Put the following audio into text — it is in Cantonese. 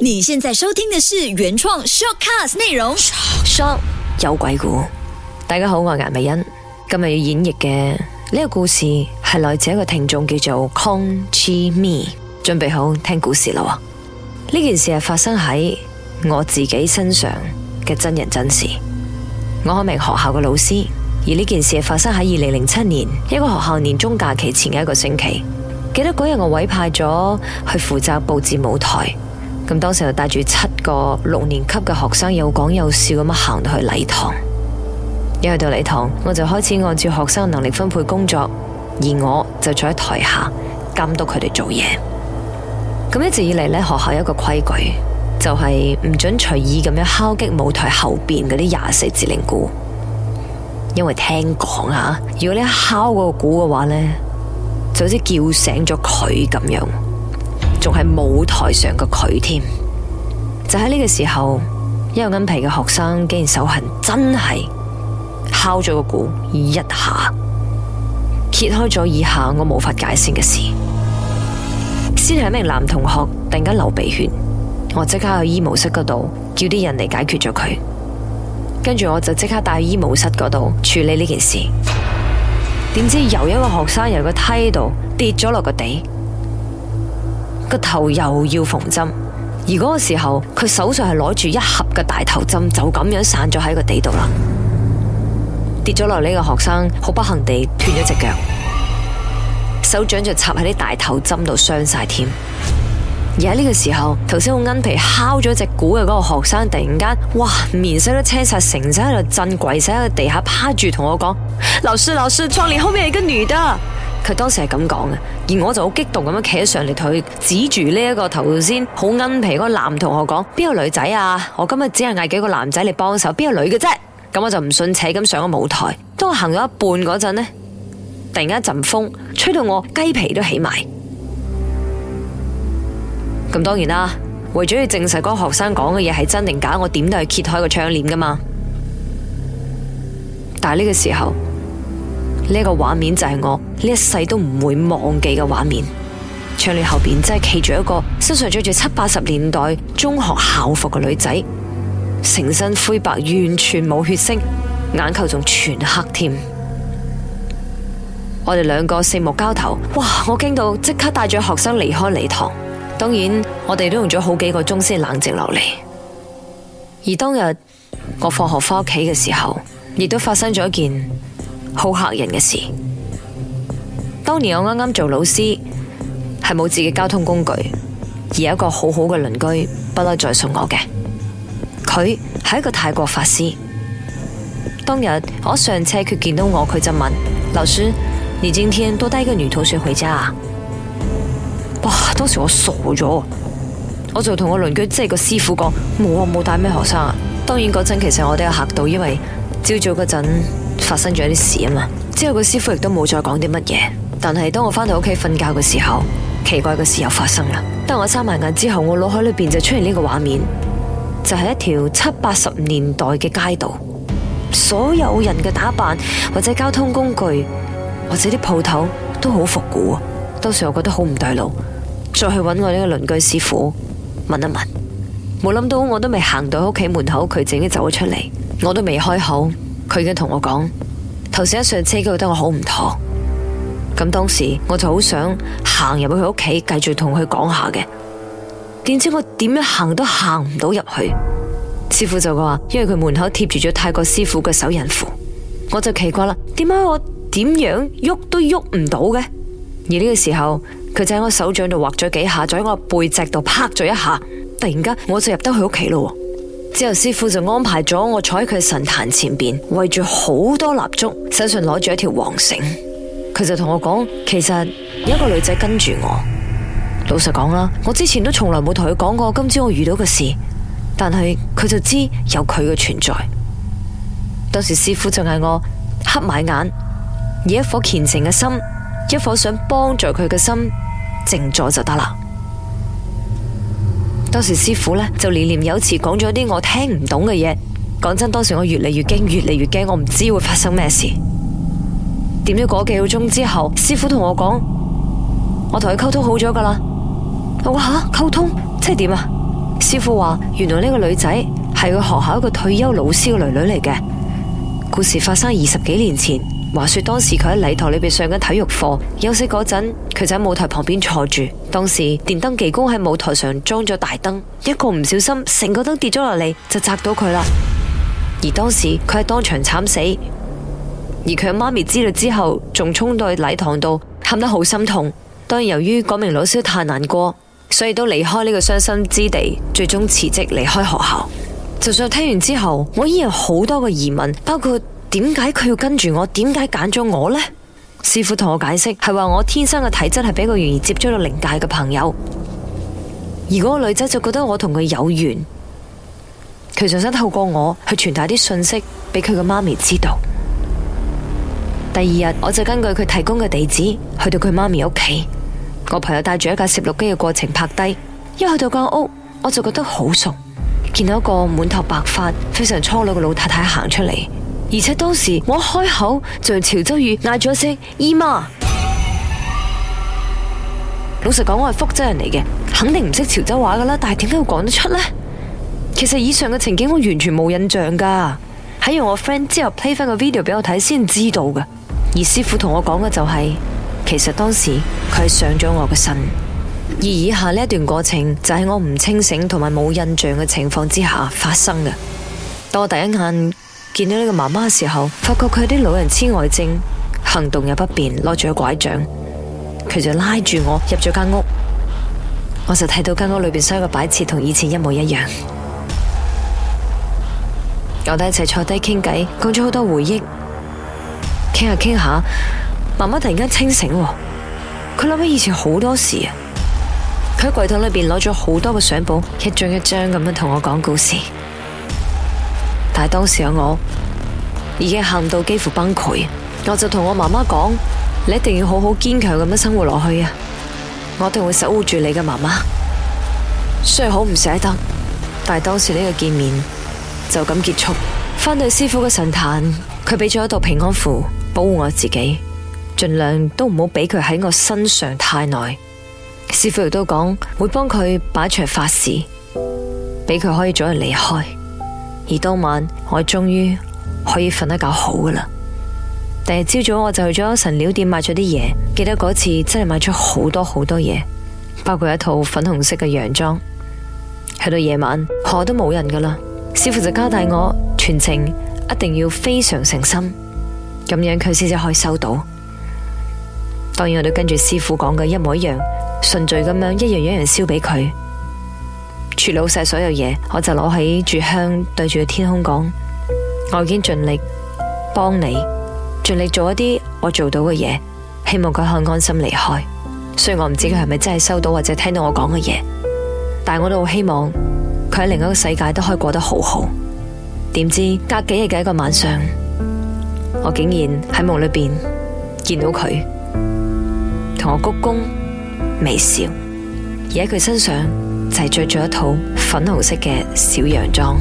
你現在收聽的是原創 shortcast 內容。short 有鬼故，大家好，我係顏美欣。今日要演繹嘅呢個故事係來自一個聽眾叫做 Conchie Me，準備好聽故事啦。呢件事係發生喺我自己身上嘅真人真事。我係一名學校嘅老師，而呢件事係發生喺二零零七年一個學校年終假期前嘅一個星期。記得嗰日我委派咗去負責布置舞台。咁當時就帶住七個六年級嘅學生，又講又笑咁樣行到去禮堂。一去到禮堂，我就開始按照學生能力分配工作，而我就坐喺台下監督佢哋做嘢。咁一直以嚟，呢學校有一個規矩，就係、是、唔准隨意咁樣敲擊舞台後邊嗰啲廿四支鈴鼓，因為聽講啊，如果你一敲嗰個鼓嘅話呢，就好似叫醒咗佢咁樣。仲係舞台上嘅佢添，就喺呢個時候，一個銀皮嘅學生竟然手痕真係敲咗個鼓一下，揭開咗以下我無法解釋嘅事。先係一名男同學突然間流鼻血，我即刻去醫務室嗰度叫啲人嚟解決咗佢，跟住我就即刻帶去醫務室嗰度處理呢件事。點知由一個學生由個梯度跌咗落個地。個頭又要縫針，而嗰個時候佢手上係攞住一盒嘅大頭針，就咁樣散咗喺個地度啦，跌咗落，呢個學生好不幸地斷咗隻腳，手掌就插喺啲大頭針度傷晒添。而喺呢個時候，頭先用鈎皮，敲咗隻鼓嘅嗰個學生，突然間哇，面色都青晒，成身喺度震，跪晒喺個地下趴住，同我講：老師，老師，窗簾後面有一個女的。佢當時係咁講嘅，而我就好激動咁樣企喺上嚟，佢指住呢一個頭先好奀皮嗰個男同學講：邊個女仔啊？我今日只係嗌幾個男仔嚟幫手，邊個女嘅啫、啊？咁我就唔信，扯咁上咗舞台，當我行咗一半嗰陣呢，突然間一陣風，吹到我雞皮都起埋。咁當然啦，為咗要證實嗰個學生講嘅嘢係真定假，我點都係揭開個窗簾㗎嘛。但係呢個時候。呢個畫面就係我呢一世都唔會忘記嘅畫面。窗簾後邊真係企住一個身上着住七八十年代中學校服嘅女仔，成身灰白，完全冇血色，眼球仲全黑添。 我哋兩個四目交投，哇！我驚到即刻帶咗學生離開禮堂。當然，我哋都用咗好幾個鐘先冷靜落嚟。而當日我放學返屋企嘅時候，亦都發生咗一件，好吓人嘅事。當年我啱啱做老師，係冇自己交通工具，而有一個好好嘅鄰居不嬲再送我嘅。佢係一個泰國法師。當日我上車，佢見到我，佢就問：老師，你今天都帶一個女同學回家啊？哇！當時我傻咗，我就同我鄰居即係、就是、個師傅講：冇啊，冇帶咩學生啊。當然嗰陣其實我都有嚇到，因為朝早嗰陣。發生咗啲事啊嘛，之後個師傅亦都冇再講啲乜嘢。但係當我翻到屋企瞓覺嘅時候，奇怪嘅事又發生啦。當我閂埋眼之後，我腦海裏邊就出現呢個畫面，就係一條七八十年代嘅街道，所有人嘅打扮或者交通工具或者啲鋪頭都好複古啊。當時我覺得好唔對路，再去揾我呢個鄰居師傅問一問，冇諗到我都未行到屋企門口，佢自己走咗出嚟，我都未開口。佢已經同我講，頭先一上車佢覺得我好唔妥，咁當時我就好想行入去佢屋企繼續同佢講下嘅，點知我點樣行都行唔到入去，師傅就話因為佢門口貼住咗泰國師傅嘅手印符，我就奇怪啦，點解我點樣喐都喐唔到嘅？而呢個時候佢就喺我手掌度劃咗幾下，就喺我背脊度拍咗一下，突然間我就入得佢屋企咯。之後師父就安排咗我坐喺佢神壇前邊，圍住好多蠟燭，手上攞住一條黃繩。佢就同我講，其實有一個女仔跟住我。老實講啦，我之前都從來冇同佢講過今朝我遇到嘅事，但係佢就知有佢嘅存在。當時師父就嗌我黑埋眼，以一顆虔誠嘅心，一顆想幫助佢嘅心靜坐就得啦。當時師傅呢，就念念有詞，講咗啲我聽唔懂嘅嘢。講真，當時我越嚟越驚，越嚟越驚，我唔知會發生咩事。點咗嗰幾個鐘之後，師傅同我講：我同佢溝通好咗噶啦。我話吓？溝通？即係點啊？師傅話：原來呢個女仔係佢學校一個退休老師嘅女女嚟嘅。故事發生喺二十幾年前。話說當時佢喺禮堂裏邊上緊體育課，休息嗰陣佢就喺舞台旁邊坐住。當時電燈技工喺舞台上裝咗大燈，一個唔小心，成個燈跌咗落嚟，就砸到佢啦。而當時佢係當場慘死，而佢阿媽咪知道之後，仲衝到去禮堂度，喊得好心痛。當然，由於嗰名老師太難過，所以都離開呢個傷心之地，最終辭職離開學校。就算聽完之後，我依然好多個疑問，包括。點解佢要跟住我？點解揀咗我呢？師傅同我解釋係話，我天生嘅體質係比較容易接觸到靈界嘅朋友，而嗰個女仔就覺得我同佢有緣，佢就想透過我去傳達啲信息俾佢嘅媽咪知道。第二日我就根據佢提供嘅地址去到佢媽咪屋企，我朋友帶住一架攝錄機嘅，過程拍低。一去到間屋，我就覺得好熟，見到一個滿頭白髮、非常蒼老嘅老太太行出嚟。而且當時我開口就用潮州語嗌咗聲姨媽。老實講，我係福州人嚟嘅，肯定唔識潮州話噶啦。但係點解會講得出呢？其實以上嘅情景我完全冇印象噶，喺用我 friend 之後 play 翻個 video 俾我睇先知道嘅。而師傅同我講嘅就係、是，其實當時佢係上咗我嘅身，而以下呢一段過程就係我唔清醒同埋冇印象嘅情況之下發生嘅。當我第一眼。見到呢個媽媽嘅時候，發覺佢有啲老人痴呆症，行動又不便，攞住個拐杖，佢就拉住我入咗間屋，我就睇到間屋裏邊所有嘅擺設同以前一模一樣，我哋一齊坐低傾偈，講咗好多回憶，傾下傾下，媽媽突然間清醒，佢諗起以前好多事啊，佢喺櫃桶裏邊攞咗好多嘅相簿，一張一張咁樣同我講故事。但係當時嘅我已經恨到幾乎崩潰，我就同我媽媽講：你一定要好好堅強咁樣生活落去，我一定會守護住你嘅媽媽。雖然好唔捨得，但係當時呢個見面就咁結束。翻對師傅嘅神壇，佢俾咗一道平安符保護我自己，盡量都唔好俾佢喺我身上太耐。師傅亦都講會幫佢擺出法事，俾佢可以早日離開。而當晚，我終於可以瞓得覺好噶啦。第日朝早，我就去咗神料店買咗啲嘢。記得嗰次真係買咗好多好多嘢，包括一套粉紅色嘅洋裝。去到夜晚，河都冇人噶啦。師傅就交代我，全程一定要非常誠心，咁樣佢先至可以收到。當然，我哋跟住師傅講嘅一模一樣，順序咁樣一樣一樣燒俾佢。除老晒所有嘢，我就攞起支香，對住天空講，我已經盡力幫你，盡力做一啲我做到嘅嘢，希望佢可以安心離開。雖然我唔知佢係咪真係收到或者聽到我講嘅嘢，但係我都好希望佢喺另一個世界都可以過得好好。點知隔幾日嘅一個晚上，我竟然喺夢裏邊見到佢，同我鞠躬微笑，而喺佢身上。就係著咗一套粉紅色嘅小洋裝。